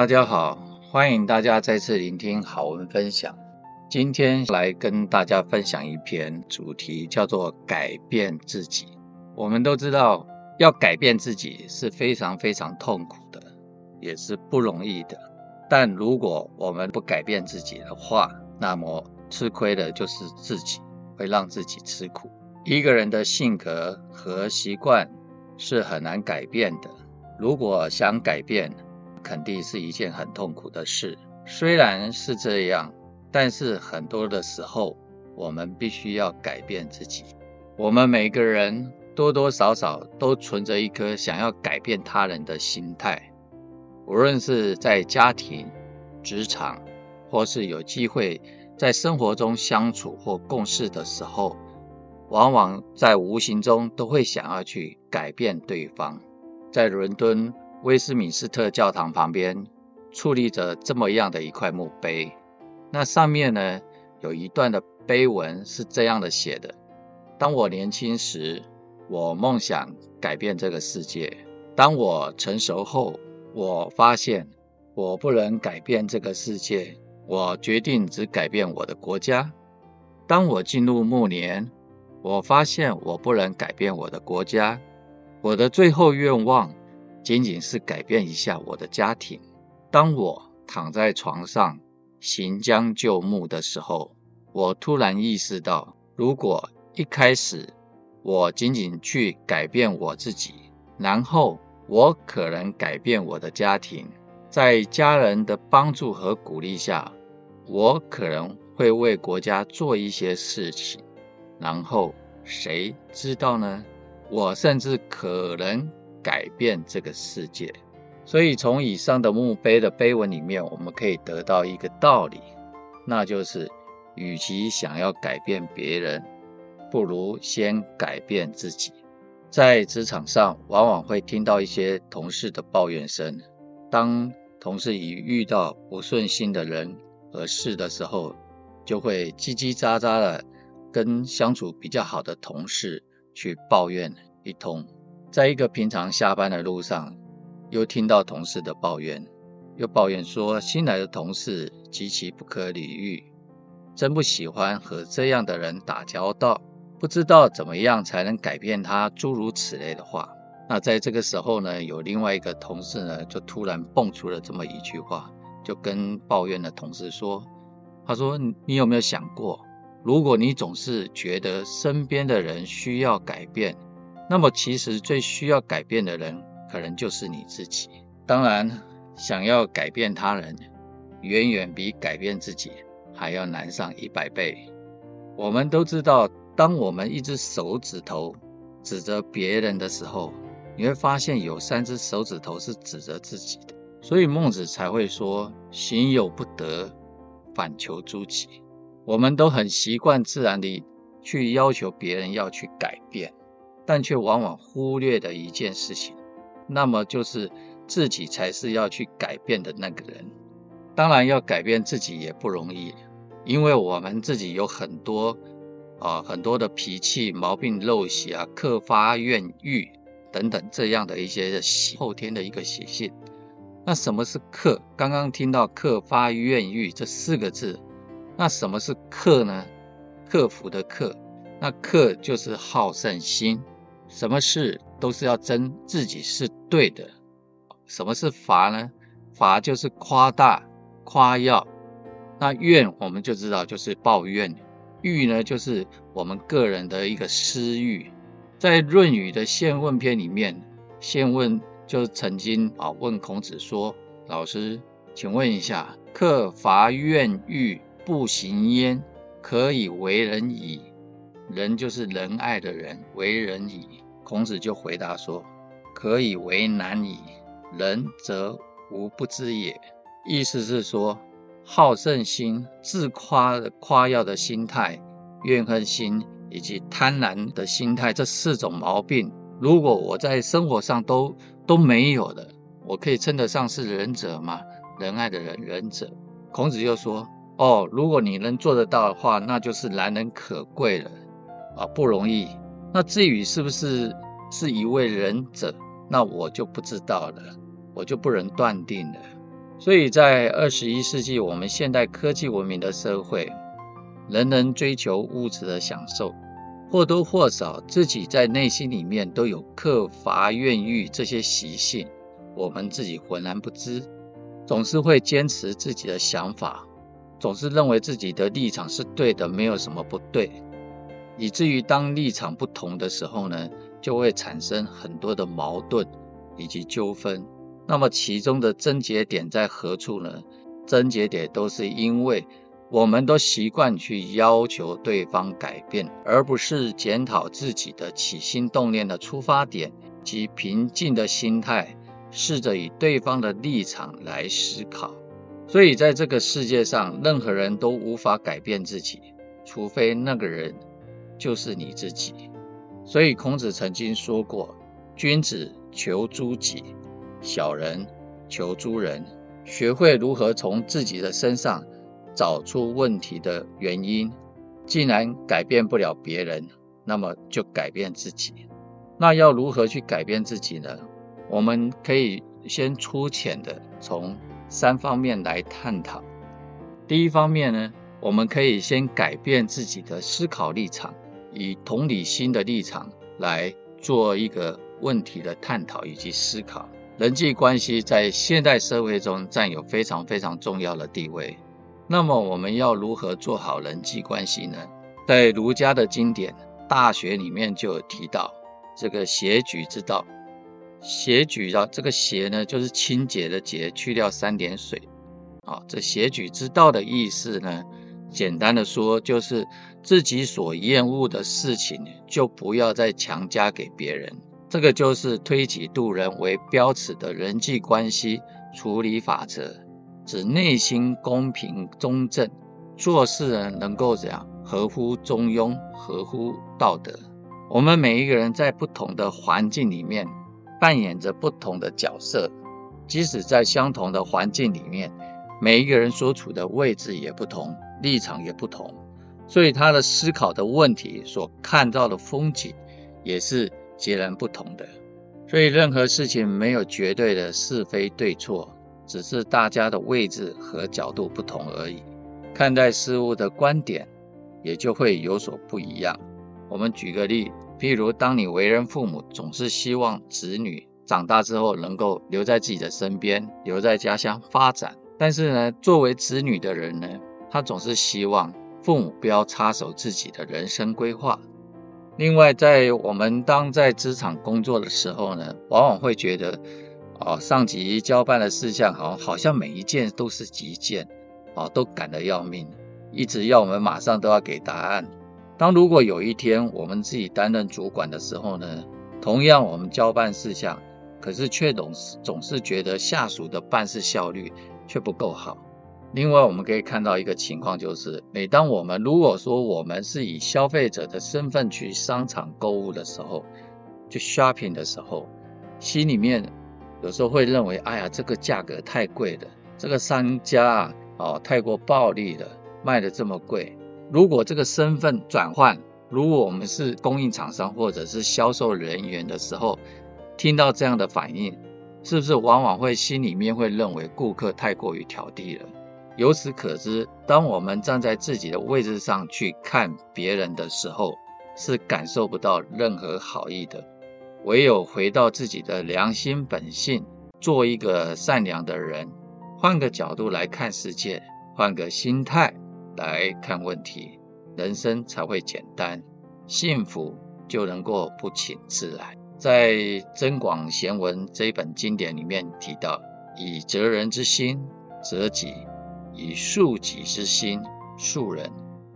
大家好，歡迎大家再次聆聽好文分享。今天來跟大家分享一篇主題叫做“改變自己”。我們都知道，要改變自己是非常非常痛苦的，也是不容易的。但如果我們不改變自己的話，那麼吃虧的就是自己，會讓自己吃苦。一個人的性格和習慣是很難改變的。如果想改變，肯定是一件很痛苦的事。雖然是這樣，但是很多的時候，我們必須要改變自己。我們每個人多多少少都存着一顆想要改變他人的心態。無論是在家庭、職場，或是有機會在生活中相處或共事的時候，往往在無形中都會想要去改變對方。在倫敦，威斯敏斯特教堂旁邊矗立着這麼樣的一塊墓碑，那上面呢，有一段的碑文是這樣的寫的：當我年輕時，我夢想改變這個世界；當我成熟後，我發現我不能改變這個世界；我決定只改變我的國家；當我進入暮年，我發現我不能改變我的國家。我的最後願望，僅僅是改變一下我的家庭。當我躺在床上行將就木的時候，我突然意識到，如果一開始我僅僅去改變我自己，然後我可能改變我的家庭，在家人的幫助和鼓勵下，我可能會為國家做一些事情。然後誰知道呢？我甚至可能改變這個世界。所以從以上的墓碑的碑文裡面，我們可以得到一個道理，那就是，與其想要改變別人，不如先改變自己。在職場上，往往會聽到一些同事的抱怨聲，當同事一遇到不順心的人和事的時候，就會嘰嘰喳喳的跟相處比較好的同事去抱怨一通。在一個平常下班的路上，又聽到同事的抱怨，又抱怨說新來的同事極其不可理喻，真不喜歡和這樣的人打交道，不知道怎麼樣才能改變他，諸如此類的話。那在這個時候呢，有另外一個同事呢，就突然蹦出了這麼一句話，就跟抱怨的同事說：“他說你，你有沒有想過，如果你總是覺得身邊的人需要改變？”那麼，其實最需要改變的人，可能就是你自己。當然，想要改變他人，遠遠比改變自己還要難上一百倍。我們都知道，當我們一隻手指頭指着別人的時候，你會發現有三隻手指頭是指着自己的。所以，孟子才會說：“行有不得，反求諸己。”我們都很習慣自然地去要求別人要去改變。但卻往往忽略的一件事情，那麼就是自己才是要去改變的那個人。當然，要改變自己也不容易，因為我們自己有很多啊，很多的脾氣、毛病、陋習啊，客發怨欲等等這樣的一些後天的一個習性。那什麼是克？剛剛聽到“克發怨欲”這四個字，那什麼是克呢？克服的克。那克就是好勝心，什麼事都是要爭自己是對的。什麼是伐呢？伐就是誇大、誇耀。那怨我們就知道就是抱怨。欲呢，就是我們個人的一個私欲。在《論語》的《憲問》篇裡面，《憲問》就曾經啊問孔子說：“老師，請問一下，克伐怨欲不行焉，可以為人矣？”人就是仁愛的人，為仁矣。孔子就回答說：“可以為難矣，仁則吾不知也。”意思是說，好勝心、自誇的誇耀的心態、怨恨心以及貪婪的心態這四種毛病，如果我在生活上都都沒有的，我可以稱得上是仁者嗎？仁愛的人，仁者。孔子就說：“哦，如果你能做得到的話，那就是難能可貴了。”啊，不容易。那至於是不是是一位仁者，那我就不知道了，我就不能斷定了。所以在二十一世紀，我們現代科技文明的社會，人人追求物質的享受，或多或少自己在內心裡面都有克伐怨欲這些習性，我們自己渾然不知，總是會堅持自己的想法，總是認為自己的立場是對的，沒有什麼不對。以至於當立場不同的時候呢，就會產生很多的矛盾以及糾紛。那麼其中的症結點在何處呢？症結點都是因為我們都習慣去要求對方改變，而不是檢討自己的起心動念的出發點及平靜的心態，試着以對方的立場來思考。所以在這個世界上，任何人都無法改變自己，除非那個人。就是你自己，所以孔子曾經說過：“君子求諸己，小人求諸人。”學會如何從自己的身上找出問題的原因。既然改變不了別人，那麼就改變自己。那要如何去改變自己呢？我們可以先粗淺的從三方面來探討。第一方面呢，我們可以先改變自己的思考立場。以同理心的立場來做一個問題的探討以及思考，人際關係在現代社會中占有非常非常重要的地位。那麼我們要如何做好人際關係呢？在儒家的經典《大學》裡面就有提到這個“絜矩之道”。絜矩啊，這個“絜”呢，就是清潔的“潔”，去掉三點水。啊、哦。這“絜矩之道”的意思呢，簡單的說就是。自己所厭惡的事情，就不要再強加給別人。這個就是推己度人為標尺的人際關係處理法則，指內心公平中正，做事人能夠怎樣合乎中庸，合乎道德。我們每一個人在不同的環境裡面扮演着不同的角色，即使在相同的環境裡面，每一個人所處的位置也不同，立場也不同。所以他的思考的問題，所看到的風景，也是截然不同的。所以任何事情沒有絕對的是非對錯，只是大家的位置和角度不同而已，看待事物的觀點也就會有所不一樣。我們舉個例，譬如當你為人父母，總是希望子女長大之後能夠留在自己的身邊，留在家鄉發展；但是呢，作為子女的人呢，他總是希望。父母不要插手自己的人生規劃。另外，在我們當在職場工作的時候呢，往往會覺得，哦，上級交辦的事項，好，好像每一件都是急件，哦，都趕得要命，一直要我們馬上都要給答案。當如果有一天我們自己擔任主管的時候呢，同樣我們交辦事項，可是卻總是總是覺得下屬的辦事效率卻不夠好。另外，我們可以看到一個情況，就是每當我們如果說我們是以消費者的身份去商場購物的時候，去 shopping 的時候，心裡面有時候會認為，哎呀，這個價格太貴了，這個商家啊，哦，太過暴利了，賣的這麼貴。如果這個身份轉換，如果我們是供應廠商或者是銷售人員的時候，聽到這樣的反應，是不是往往會心裡面會認為顧客太過於挑剔了？由此可知，當我們站在自己的位置上去看別人的時候，是感受不到任何好意的。唯有回到自己的良心本性，做一個善良的人，換個角度來看世界，換個心態來看問題，人生才會簡單，幸福就能夠不請自來。在《增廣賢文》這本經典裡面提到：“以責人之心，責己。”以恕己之心恕人，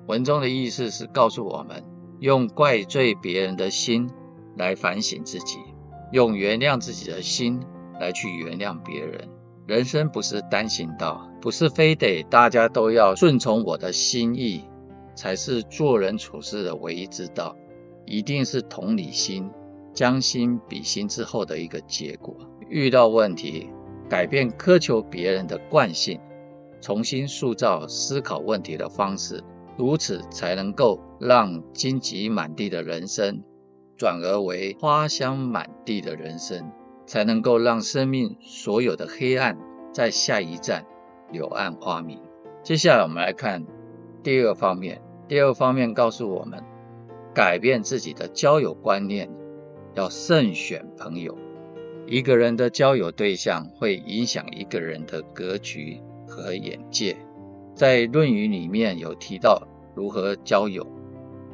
文中的意思是告訴我們：用怪罪別人的心來反省自己，用原諒自己的心來去原諒別人。人生不是單行道，不是非得大家都要順從我的心意，才是做人處事的唯一之道。一定是同理心，將心比心之後的一個結果。遇到問題，改變苛求別人的慣性。重新塑造思考問題的方式，如此才能夠讓荊棘滿地的人生轉而為花香滿地的人生，才能夠讓生命所有的黑暗在下一站柳暗花明。接下來我們來看第二個方面，第二個方面告訴我們，改變自己的交友觀念，要慎選朋友。一個人的交友對象會影響一個人的格局。和眼界，在《論語》裡面有提到如何交友。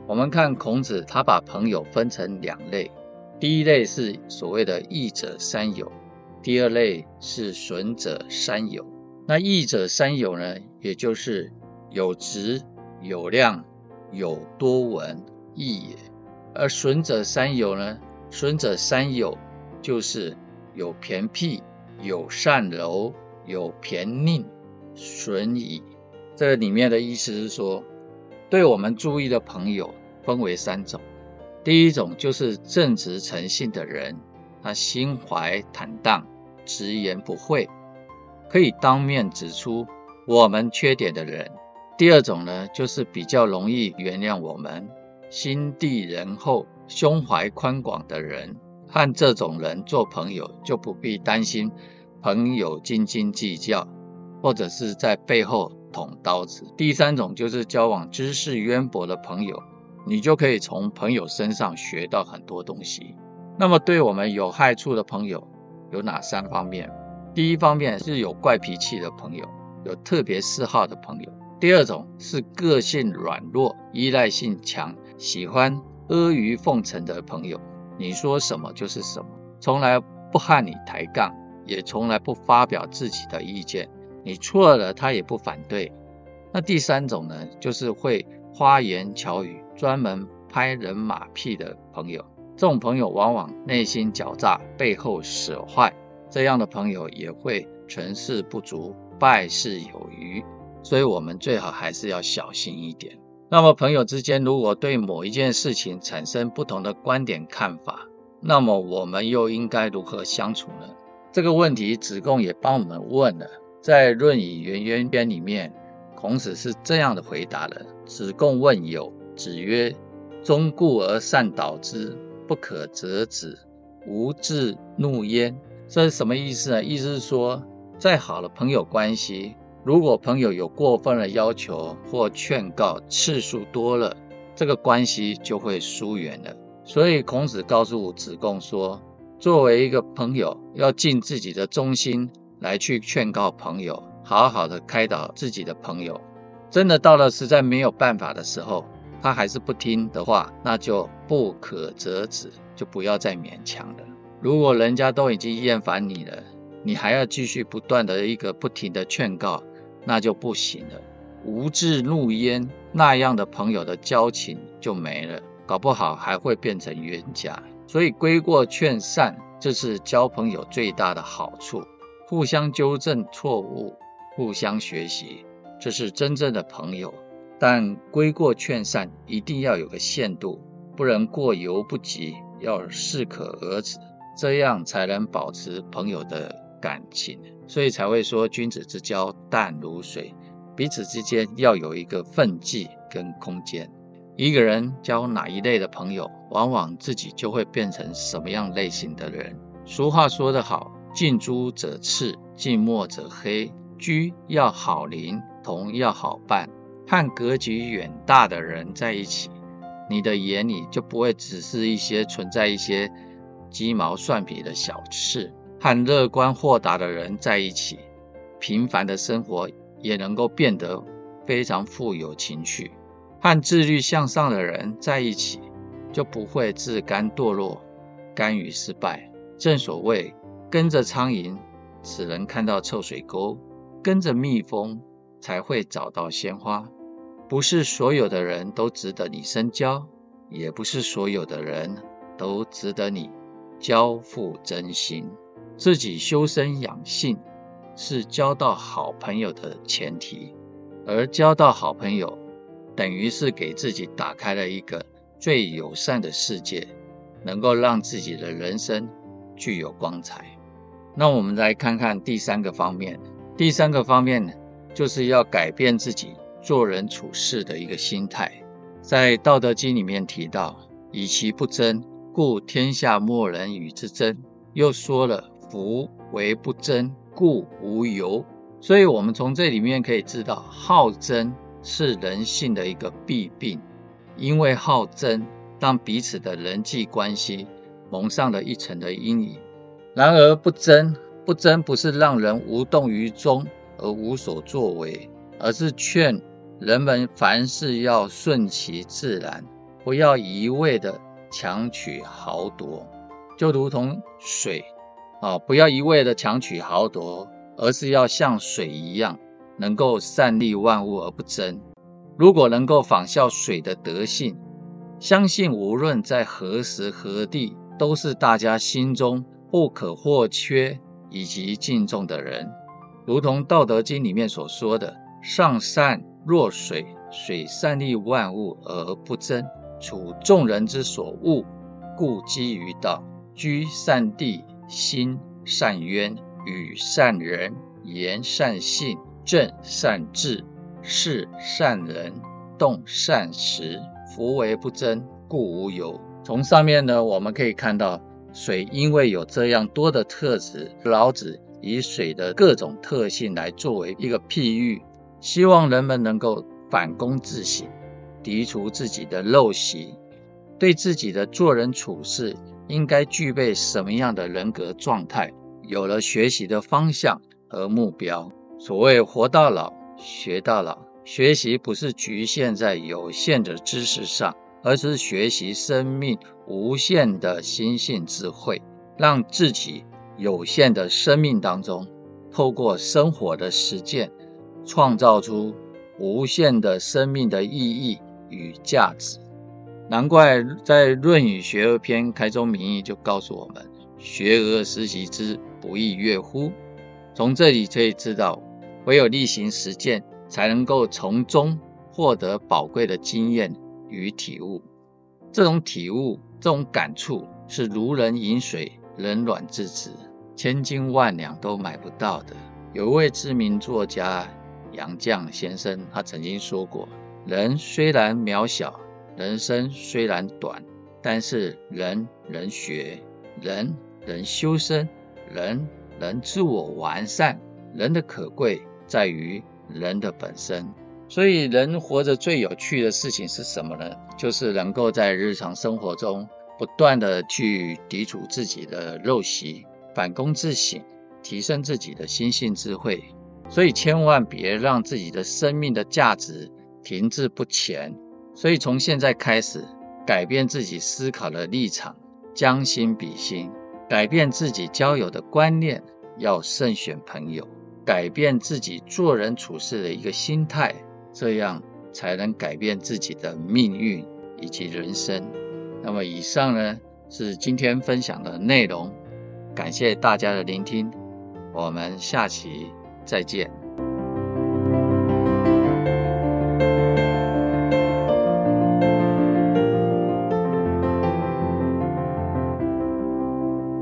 我們看孔子，他把朋友分成兩類：第一類是所謂的“益者三友”，第二類是“損者三友”。那“益者三友”呢，也就是有直、有量、有多聞益也；而“損者三友”呢，“損者三友”就是有偏僻、有善柔、有偏佞。損矣，這裡面的意思是說，對我們注意的朋友分為三種。第一種就是正直誠信的人，他心懷坦蕩，直言不諱，可以當面指出我們缺點的人。第二種呢，就是比較容易原諒我們，心地仁厚、胸懷寬廣的人。和這種人做朋友，就不必擔心朋友斤斤計較。或者是在背後捅刀子。第三種就是交往知識淵博的朋友，你就可以從朋友身上學到很多東西。那麼，對我們有害處的朋友有哪三方面？第一方面是有怪脾氣的朋友，有特別嗜好的朋友；第二種是個性軟弱、依賴性強、喜歡阿諛奉承的朋友，你說什麼就是什麼，從來不和你抬槓，也從來不發表自己的意見。你錯了，他也不反對。那第三種呢，就是會花言巧語、專門拍人馬屁的朋友。這種朋友往往內心狡詐，背後使壞。這樣的朋友也會成事不足，敗事有餘。所以，我們最好還是要小心一點。那麼，朋友之間如果對某一件事情產生不同的觀點、看法，那麼我們又應該如何相處呢？這個問題，子貢也幫我們問了。在《論語·顏淵》篇裡面，孔子是這樣的回答的：“子貢問友，子曰：忠告而善道之，不可則止，毋自辱焉。這是什麼意思呢？意思是說，再好的朋友關係，如果朋友有過分的要求或勸告次數多了，這個關係就會疏遠了。所以，孔子告訴子貢說，作為一個朋友，要盡自己的忠心。”來去勸告朋友，好好的開導自己的朋友。真的到了實在沒有辦法的時候，他還是不聽的話，那就不可則止，就不要再勉強了。如果人家都已經厭煩你了，你還要繼續不斷的一個不停的勸告，那就不行了。毋自辱焉，那樣的朋友的交情就沒了，搞不好還會變成冤家。所以規過勸善，這，就是交朋友最大的好處。互相糾正錯誤，互相學習，這是真正的朋友。但規過勸善一定要有個限度，不能過猶不及，要適可而止，這樣才能保持朋友的感情。所以才會說君子之交淡如水，彼此之間要有一個分際跟空間。一個人交哪一類的朋友，往往自己就會變成什麼樣類型的人。俗話說得好。近朱者赤，近墨者黑。居要好鄰，同要好伴。和格局遠大的人在一起，你的眼裡就不會只是一些存在一些雞毛蒜皮的小事。和樂觀豁達的人在一起，平凡的生活也能夠變得非常富有情趣。和自律向上的人在一起，就不會自甘墮落，甘於失敗。正所謂。跟着蒼蠅只能看到臭水溝，跟着蜜蜂才會找到鮮花。不是所有的人都值得你深交，也不是所有的人都值得你交付真心。自己修身養性是交到好朋友的前提，而交到好朋友，等於是給自己打開了一個最友善的世界，能夠讓自己的人生具有光彩。那我們來看看第三個方面。第三個方面呢，就是要改變自己做人處事的一個心態。在《道德經》裡面提到：“以其不爭，故天下莫能與之爭。”又說了：“夫唯不爭，故無尤。”所以，我們從這裡面可以知道，好爭是人性的一個弊病，因為好爭讓彼此的人際關係蒙上了一層的陰影。然而不爭，不爭不是讓人無動於衷而無所作為，而是勸人們凡事要順其自然，不要一味地強取豪奪。就如同水啊，不要一味地強取豪奪，而是要像水一樣，能夠善利萬物而不爭。如果能夠仿效水的德性，相信無論在何時何地，都是大家心中，不可或缺以及敬重的人，如同《道德經》裡面所說的：“上善若水，水善利萬物而不爭，處眾人之所惡，故幾於道。居善地，心善淵，與善仁，言善信，正善治，事善能，動善時。夫唯不爭，故無尤。”從上面呢，我們可以看到。水因為有這樣多的特質，老子以水的各種特性來作為一個譬喻，希望人們能夠反躬自省，滌除自己的陋習，對自己的做人處事應該具備什麼樣的人格狀態，有了學習的方向和目標。所謂活到老，學到老，學習不是局限在有限的知識上。而是學習生命無限的心性智慧，讓自己有限的生命當中，透過生活的實踐，創造出無限的生命的意義與價值。難怪在《論語·學而篇》開宗明義就告訴我們：“學而時習之，不亦說乎？”從這裡可以知道，唯有力行實踐，才能夠從中獲得寶貴的經驗。與體悟，這種體悟，這種感觸，是如人飲水，冷暖自知，千斤萬兩都買不到的。有一位知名作家楊絳先生，他曾經說過：“人雖然渺小，人生雖然短，但是人人學，人人修身，人人自我完善。人的可貴，在於人的本身。”所以，人活着最有趣的事情是什麼呢？就是能夠在日常生活中不斷的去抵觸自己的陋習，反躬自省，提升自己的心性智慧。所以，千萬別讓自己的生命的價值停滯不前。所以，從現在開始，改變自己思考的立場，將心比心；改變自己交友的觀念，要慎選朋友；改變自己做人處事的一個心態。這樣才能改變自己的命運以及人生。那麼以上呢，是今天分享的內容，感謝大家的聆聽，我們下期再見。